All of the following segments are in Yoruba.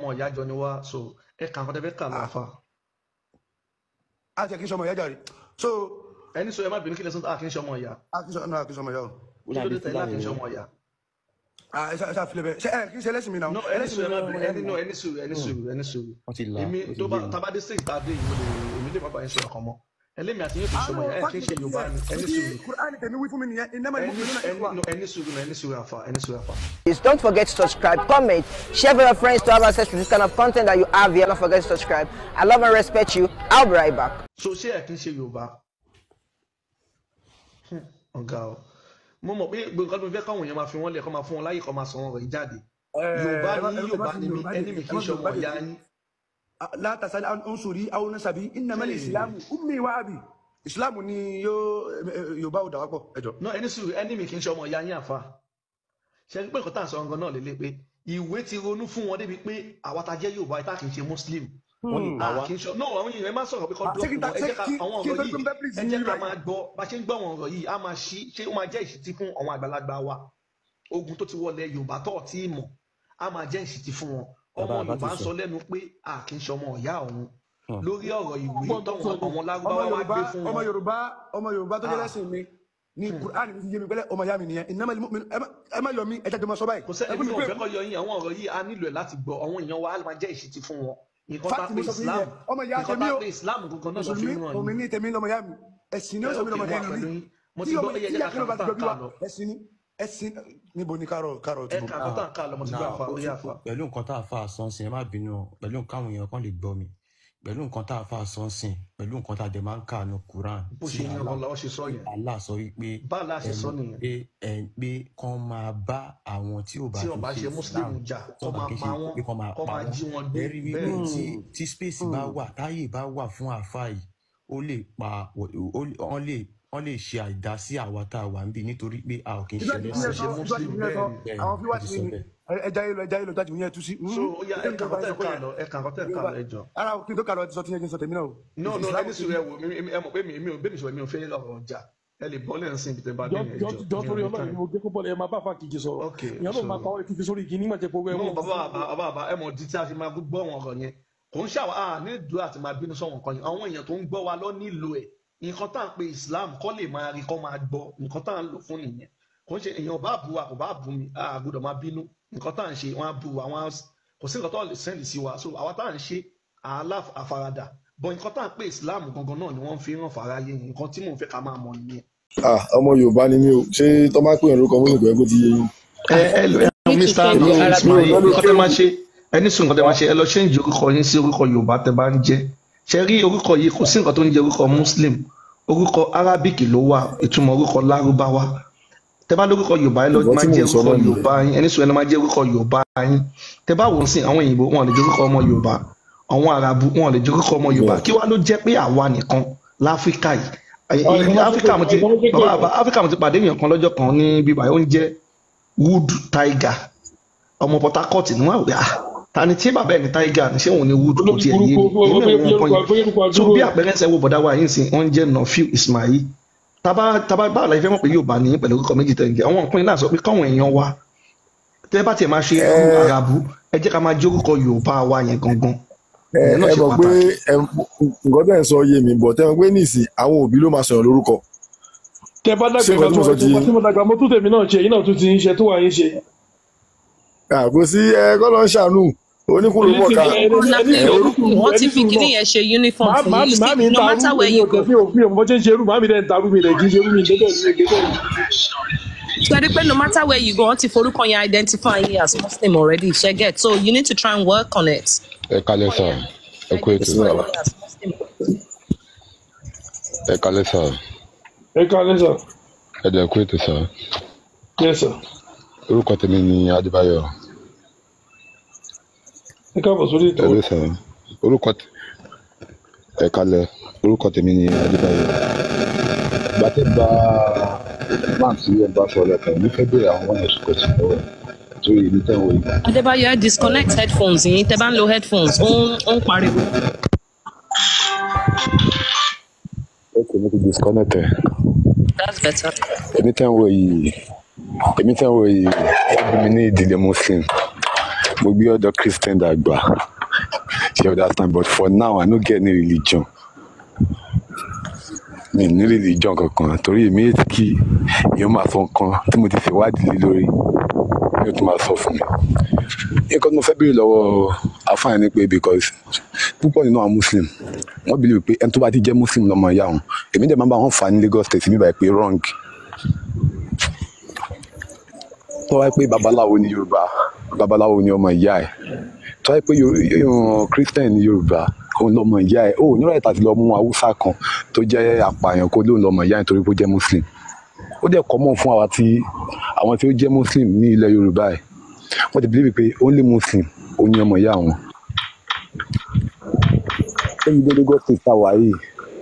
ọmọ ìyá jọ ni wá so ẹ kà kọ́ tẹ́fẹ́ kà lọ a jẹ kí n sọmọ ìyá jàre so. ẹni sọ ẹ má bínú kí lè sọ àkí n sọmọ ìyá. àkí n sọmọ ìyá o. ojú ló tẹ̀lé àkí n ìyá. ah ẹ ṣáà filẹ bẹ ṣe ẹ kí n ṣe ẹlẹ́sìn mi náà. ẹlẹ́sìn mi náà ẹni náà ẹni sùúrù ẹni sùúrù ẹni sùúrù. èmi tó bá tabadé sí ìtàdé ìwé èmi lè má bàa yín sọ ọkàn mọ́ ẹlẹ́mìí àti yín kò sọmọ ẹ kí ṣe yorùbá ni ẹni sùúrù. kúránì tẹ̀mí wí fún mi nìyẹn ìnáma ìmú ìlú náà ìwà. ẹni sùúrù ẹni sùúrù àfà ẹni sùúrù àfà. Please don't forget to subscribe, comment, share with your friends to have access to this kind of content that you have here. Don't forget to subscribe. I love and respect you. I'll be right back. So ṣé ẹ kí ṣe yorùbá? ọ̀gá o mo mọ̀ pé nǹkan tó fẹ́ káwọn èèyàn máa fi wọ́n lẹ̀ kọ́ máa fún wọn láyè kọ́ máa sọ wọn rẹ̀ jáde. yorùbá ni yorùbá ni mi ẹni mi kì í ṣe ọmọ yín látàsálẹ ọ̀nṣòrí àwọn ọ̀nṣàbí ìnàmẹ́lẹ̀ ìsìlámù ummi wa abi ìsìlámù ni eh, yorùbá ò dàwọ́pọ̀ ẹjọ. náà ẹni sùúrù ẹni mi kì í ṣe ọmọ ìyá yín àfa ṣe pé nǹkan tá à ń sọ ọ̀ngàn náà lélẹ́ pé ìwé ti ronú fún wọn débi pé àwa ta jẹ́ yorùbá tá kì í muslim hmm. wọn ni ah, àwa kì í ṣe náà àwọn yìnyín ẹ má sọ̀rọ̀ pé kọ́ dúró ah, fún ẹ jẹ́ ká àwọn ọ̀rọ̀ yìí ẹ jẹ́ ká máa gbọ́ bá ṣe ń gbọ́ àwọn ọ̀rọ̀ yìí á máa ṣí ṣé ó máa jẹ́ ìṣítí wa ogun tó ti wọlé yorùbá tó ti mọ̀ á máa jẹ́ ìṣítí fún wọn ọmọ yorùbá sọ lẹ́nu pé a kì í ṣọmọ ọ̀yá òun lórí ọ̀rọ̀ ìwé tọwọn ọmọ lárúbáwá wá gbé fún wọn. ọmọ yorùbá ọmọ yorùbá tó jẹ́ ah. lẹ́sìn mi ni hmm. kuraani mi fi yé mi pẹ̀lẹ́ ọmọ ya mi nìyẹn ìnáma ẹ má yọ mí ẹ jáde ma sọ báyìí. kò sẹ́ni mi ò fẹ́ yọ yín àwọn ọ̀rọ̀ yìí a nílò ẹ̀ láti gbọ́ àwọn èèyàn wa á ìṣítí fún wọn. nǹkan pé islam nǹkan bá pé islam kankan náà lọ fi ràn yín. òmìnir ya mi ẹ̀sìn ni ó sọ mí lọmọ ya mi tí ọmọ ìyá ẹ sin níbo ni kárọ̀ kárọ̀ tí mo ah, bá. ẹ kà kọ́tà ká lọ́mọ tí gbà fa ó yà fa. pẹ̀lú nǹkan tá a fa àsán sin ẹ má bínú pẹ̀lú nǹkan àwọn èèyàn kan lè gbọ́ mi pẹ̀lú nǹkan tá a fa àsán sin pẹ̀lú nǹkan tá a dẹ̀ máa ń kà ní Quran. bó ṣe ní Allah ṣe sọ yẹn. Allah sọ wípé báàlá ṣe sọ nìyẹn. pé ẹ ń pé kán máa bá àwọn tí ò bá ti ṣe Islam kán máa pa wọn kán máa jí wọn gbé. ẹ̀rí wípé tí space bá wà táyè bá wà fún àfáà yìí ó lè pa ó lè wọ́n lè ṣe àìdásí àwa tá a wà ń bí nítorí pé a ò kì í ṣe lẹ́sẹ̀ ṣe muslim bẹ́ẹ̀ àwọn fíwá ti ní ẹja yìí lọ ẹja yìí lọ tájú yẹn tú sí. so ya ẹka kọtẹ ká lọ ẹka kọtẹ ká lọ ẹjọ. ara kí n tó ká lọ ti sọ tí yẹn kí n sọ tèmi náà o. no no ẹni sùn ẹ wò mí ẹ mọ̀ pé mi mi ò bẹ́ẹ̀ mi sọ mi ò fẹ́ lọ́rọ̀ ọjà ẹ lè bọ́ lẹ́yìn sí ibi tẹ́ bá dé ní ẹjọ́. jọ torí Ọlọ́run mo gé kó bọ́ọ̀lù ẹ máa bá fa kìkì sọ̀rọ̀ ìyá ló máa pawọ́ kìkì sórí igi nígbà tẹ́ kó wẹ́ wọ́n. bàbá bàbá ẹ mọ̀ di tí a fi máa gbọ́ wọn ọ̀rọ̀ yẹn kò ń ṣàwọn àníìdúrà àti máa bínú sọ̀wọ̀n kan yẹn àwọn èèyàn tó ń gbọ́ wa lọ nílò ẹ̀ nǹkan tá à ń pe Islam kọ́ lè máa rí kọ́ máa gbọ́ nǹkan tá à ń lò fún nìyẹn kò ń ṣe èèyàn bá bu wa kò bá bu mi a gbọ́dọ̀ máa bínú nǹkan tá à ń ṣe wọ́n á bu wa wọ́n á kò sí nǹkan tó lè sẹ́ndì sí wa so àwa tá à ń ṣe àálà àfaradà bọ̀ nǹkan tá à ń pe Islam gangan náà ni wọ́n fi ràn fara yé nǹkan tí mò ń fẹ́ ká máa mọ̀ nìyẹn. ọmọ Yorùbá ni mí o ṣé tó bá pè é lórúkọ mọ́tò pẹ̀lú ti yé yín. ẹ ẹ lọ Mr. ẹ ní sùn nǹkan tẹ máa ṣe ẹ lọ ṣe ń jẹ orúkọ yín sí orúkọ Yorùbá tẹ bá ń jẹ ṣe rí orúkọ yìí kò sí nǹkan tó ń jẹ orúkọ muslim orúkọ arabic ló wà ìtumọ̀ orúkọ lárúbáwá tẹ bá lórúkọ yorùbá yín lọ́jọ́ máa jẹ́ orúkọ yorùbá yín ẹni sọ ẹni máa jẹ́ orúkọ yorùbá yín tẹ bá wò ó sìn àwọn òyìnbó wọn lè jẹ́ orúkọ ọmọ yorùbá àwọn arabu wọn lè jẹ́ orúkọ ọmọ yorùbá kí wàá ló jẹ́ pé àwa nìkan láfíríkà yìí áfíríkà mo ti bàbá àbá áfíríkà mo ti pàdé èèyàn kan lọ́jọ́ kan ní bíbá ó wood tiger ọmọ port harcourt ni wọ́n àní tí bàbá ẹni táyígà ní ṣé ni wúdù kò tiẹ̀ yé mi èmi ò wọn kàn yín tó bí àpẹẹrẹ ṣe wo bọ̀dá wa yín sìn oúnjẹ nọfíù Ismail taba taba báwo la ìfẹ́ mọ̀ pé yóò bá ní pẹ̀lú orúkọ méjì tẹ̀yìn àwọn òpin náà sọ pé káwọn èèyàn wa tẹ́ bá tiẹ̀ máa ṣe àràbù ẹ jẹ́ ká máa jẹ́ orúkọ Yorùbá wa yẹn gangan ẹ mọ̀ pé nǹkan tẹ̀ ń sọ yé mi bọ̀ tẹ́ mọ̀ pé nísìn àwọn òbí ló máa sọ̀rọ̀ lórúkọ. tẹ bá dàgbà oníkùlù mọ̀ ká ti fi kíní yẹn ṣe uniform fún yìí sí no matter where you go. mi ò fi ọmọ ṣe ń ṣerú màmí dẹ́n tarú mi rẹ̀ kì í ṣerú mi dẹ́gbẹ́ mi gẹ́gẹ́ mi. Sori no matter where you go, wọ́n ti forúkọ yẹn identify you as Muslim already, ṣe get so you need to try and work on it. Ẹ kalẹ̀ sá, ẹ kú ètò ìwà. Ẹ kalẹ̀ sá. Ẹ kalẹ̀ sá. Ẹ jẹ́ kú ètò sá. Yes sir. Orúkọ tèmi ni Adébáyọ̀ ẹ káàbọ̀ sórí ètò. ẹ lẹ́sàn orúkọ ẹ kalẹ̀ orúkọ tèmi ni adébáyọ̀ gbàtẹ́ bá man sí bá sọ lẹ́kàn ní fẹ́ bẹ̀rẹ̀ àwọn ẹ̀sùn kọ̀ọ̀tì lọ́wọ́ tó yẹ ní tẹ̀wọ̀ yìí. adébáyọ̀ disconnect headphones yín tẹ́ bá ń lo headphones ó ń ó ń pariwo. ok mo ti disconnect ẹ. that's better. èmi tẹ̀wọ̀ yìí èmi tẹ̀wọ̀ yìí ó bí mi ní ìdílé muslim mo gbé ọ̀dọ̀ christian dàgbà you understand but for now i no get any religion mi ní religion kankan torí èmi ètí kí èèyàn máa sọ nǹkan tí mo ti ṣèwádìí lé lórí yóò tún máa sọ fún mi nǹkan tí mo fẹ́ béèrè lọ́wọ́ afáàní pé because púpọ̀ nínú àwọn muslim wọ́n believe pé ẹni tó bá ti jẹ́ muslim lọ́mọ ìyá wọn èmi dẹ̀ máa ń bá wọn fà ní Lagos state mi báyìí pé wrong tó wáyé pé babaláwo ní Yorùbá babaláwo ni ọmọ ìyá ẹ̀ tó yẹ pé christian ní yorùbá òun lọmọ ìyá ẹ̀ òun níwáyé tàbí lọ mú haúsá kan tó jẹ́ àpààyàn kó lóun lọmọ ìyá ẹ̀ nítorí pé ó jẹ́ muslim ó dẹ̀ kọ́mọ̀ fún àwa tí àwọn tí ó jẹ́ muslim ní ilẹ̀ yorùbá ẹ̀ wọ́n ti bílíbi pé only muslim ó ní ọmọ ìyá àwọn. ẹ̀yin gbẹ́dẹ́gọ́ ti ta wàyí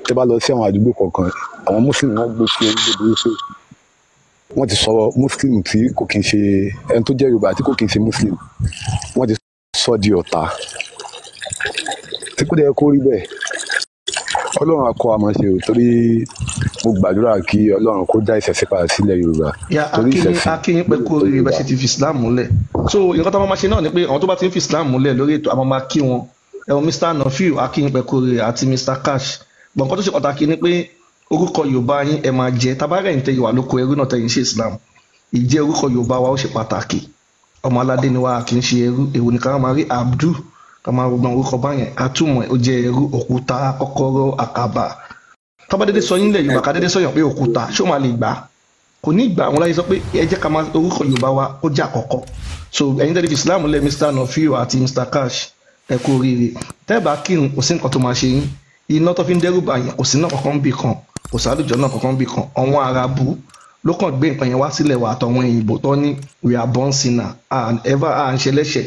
tẹ́ bá lọ sí àwọn àdúgbò kọ̀ọ̀kan àwọn muslim wọ́n gbé sí orí gbogbo wọ́n ti sọ muslim tí kò kí n ṣe ẹni tó jẹ́ yorùbá tí kò kí n ṣe muslim wọ́n ti sọ di ọ̀tá tí kò dẹ̀ kó rí bẹ́ẹ̀ ọlọ́run akọ àmọ́ ṣe o torí mo gbàdúrà kí ọlọ́run kó dá ìṣẹ̀ṣẹ̀ padà sílẹ̀ yorùbá torí ìṣẹ̀ṣẹ̀ akínyìn pé kó rí fi islam múlẹ̀ so nǹkan tó máa ṣe náà ni pé àwọn tó bá ti ń fi islam múlẹ̀ lórí ètò àmọ́ máa kí wọn ẹ̀wọ̀n mr nafiu akínyìn pé kó rí àti mr cash gbọ̀ǹkan tó ṣe pàtàkì ni pé orúkọ yorùbá yín ẹ máa jẹ tabarẹ ń tẹ ìwà lóko ẹrú náà tẹyìn ṣe islam ìjẹ orúkọ yorùbá wa ó ṣe pàtàkì ọmọ aládé ni wa kì í ṣe ẹrú èwo ni ká máa rí abdul ká máa rọgbọn orúkọ báyẹn àtúmọ̀ ó jẹ ẹrú òkúta kọ́kọ́rọ́ àkàbà tọ́bádédé sọ yín lẹ̀ yorùbá kádédé sọ yàn pé òkúta ṣé ó máa lè gbà kò ní ìgbà àwọn láyé sọ pé ẹ jẹ́ ká máa orúkọ yorùbá wa ó jẹ́ àkọ́kọ́ so ẹ̀yin tẹ́lẹ̀ islam lẹ̀ mr nofio àti mr cash ẹ kú oríire tẹ́ẹ̀bà kírun kò sí nǹkan tó máa ṣe yín iná tó fi ń dẹ́rù bàyàn kò sí náà kankan bì kan kò sálùjọ náà kankan bí kan ọ̀wọ́n arabu ló kàn gbé nǹkan yẹn wá sílẹ̀ wà àtọ̀wọn òyìnbó tó ní we are born sinner and ever à ń ṣe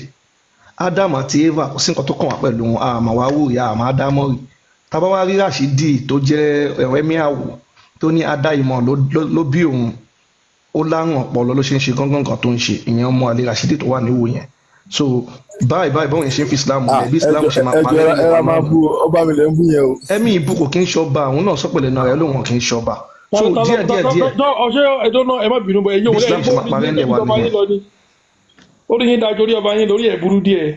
Adam àti Eva kò sí nǹkan tó kàn wá pẹ̀lú wọn àmọ́ wá wù yá àmọ́ ádámọ́ rì tábà wá rí Rashidi tó jẹ́ ẹ̀rẹ́míàwò tó ní adáìmọ̀ ló bí òun ó lárùn ọpọlọ ló ṣe ń ṣe gángan kan tó ń ṣe ìyẹn ọmọ àlè Rashidi tó wà níwò yẹn so bye, bye. bọ́ọ̀ yẹn ṣe ń fi islam lẹ̀ bí islam ṣe máa pa lẹ́yìn ìgbà máa bú ọba mi lẹ́ ń bú yẹn o. ẹ̀mí ìbú kò kí ń ṣọba àwọn náà sọpẹ̀lẹ̀ náà rẹ̀ lóun kì í ṣọba. so díẹ̀ díẹ̀ díẹ̀. ọṣẹ ẹjọ náà ẹ má bínú bọ ẹyẹ wọlé ẹyẹ ọba yín lọ ni orí yín dájú orí ọba yín lórí ẹ burú díẹ̀.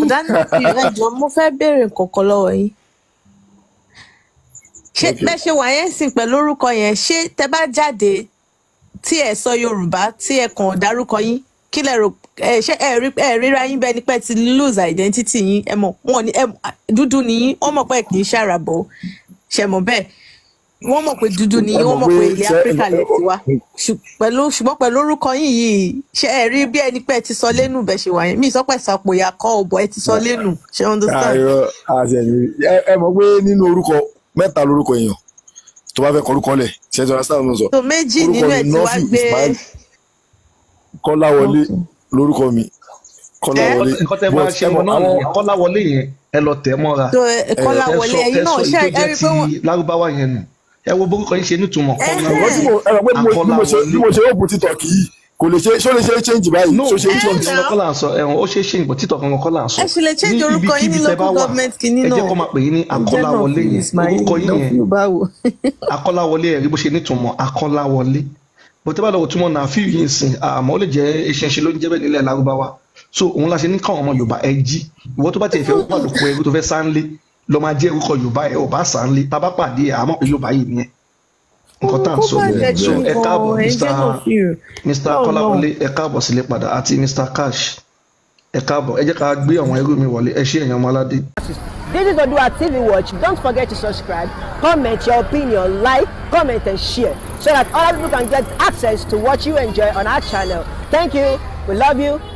ọ̀dà ní ẹjọ́ mo fẹ́ béèrè kọ̀ọ̀kan lọ́wọ́ yín ṣé bẹ́ẹ̀ ṣe wà yẹn sìn pẹ̀lú orúkọ yẹn ṣé tẹ bá jáde tí ẹ sọ Yorùbá tí ẹ kàn dárúkọ yín kí lẹ rò ẹ ṣe ẹ rí ẹ ríra yín bẹ́ẹ̀ ni pé ti lose identity yín ẹ mọ̀ wọn ni ẹ dúdú ni yín wọ́n mọ̀ pé kì í ṣàràbọ̀ ṣe mọ̀ bẹ́ẹ̀ wọ́n mọ̀ pé dúdú ni yín wọ́n mọ̀ pé ilẹ̀ áfíríkà lè ti wá pẹ̀lú ṣùgbọ́n orúkọ yín yìí ṣe ẹ rí bí ẹni pé ti sọ lẹ́nu bẹ̀ ṣe wà yẹn mi ìsọpẹ̀ sàpòyà kọ́ ọ̀bọ̀ ẹ ti sọ lẹ́nu ah, ṣe understand. ẹ mọ̀ pé nínú orúkọ mẹ́ta lórúkọ èèyàn tó bá fẹ́ kọ orúkọ lẹ̀ ṣe é kọ́láwọlé lórúkọ mi kọ́láwọlé but ẹ mọ àwọn kọ́láwọlé yẹn ẹ lọ tẹ̀ mọ́ra eh, ẹ sọ ẹ sọ ìtọ́jẹ́ ti lárúbáwá yẹn nù ẹ wo borúkọ yín ṣe nítumọ̀ eh, kọ́láwọlé bí mo ṣe ó bu títọ̀ kì í kò lè ṣe ṣó lè ṣe change báyìí ṣó ṣe eh, change. ẹ̀rọ kọ́lá ń sọ ẹ̀rọ ó ṣe ṣe ìbò títọ̀ kankan kọ́lá ń sọ. ẹ ṣe lè change orúkọ yín ní local government kìíní náà. ẹ jẹ́ kó máa pè yín ní akọ́láwọlé yẹn orúkọ yín yẹn akọ́láwọlé yẹn rí bó ṣe nítumọ̀ akọ́láwọlé bó tẹ́ bá lọ́wọ́ túmọ̀ náà fíìmù yìí ń sìn àmọ́ ó lè jẹ́ eṣinṣin ló ń jẹ́ nílẹ̀ lárúbáwá so òun la ṣe ní káwọn ọmọ yorùbá ẹ jí ìwọ tó bá tiẹ̀ fẹ́ wà lóko ẹrú tó fẹ́ sáńlé lọ máa jẹ́ orúkọ yorùbá ẹ ọba sáńlé tá a bá pàdé àmọ́ pé yorùbá yìí nìyẹn nǹkan tá à ń sọ nìyẹn so ẹ káàbọ̀ mr kọ́láwọlé ẹ káàbọ̀ sílé padà àti mr cash ẹ káàbọ̀ ẹ jẹ́ ká gbé àwọn ẹrú mi wọlé ẹ ṣé èèyàn ọmọ aládé. This is Odua TV Watch. Don't forget to subscribe, comment your opinion, like, comment and share so that other people can get access to what you enjoy on our channel. Thank you. We love you.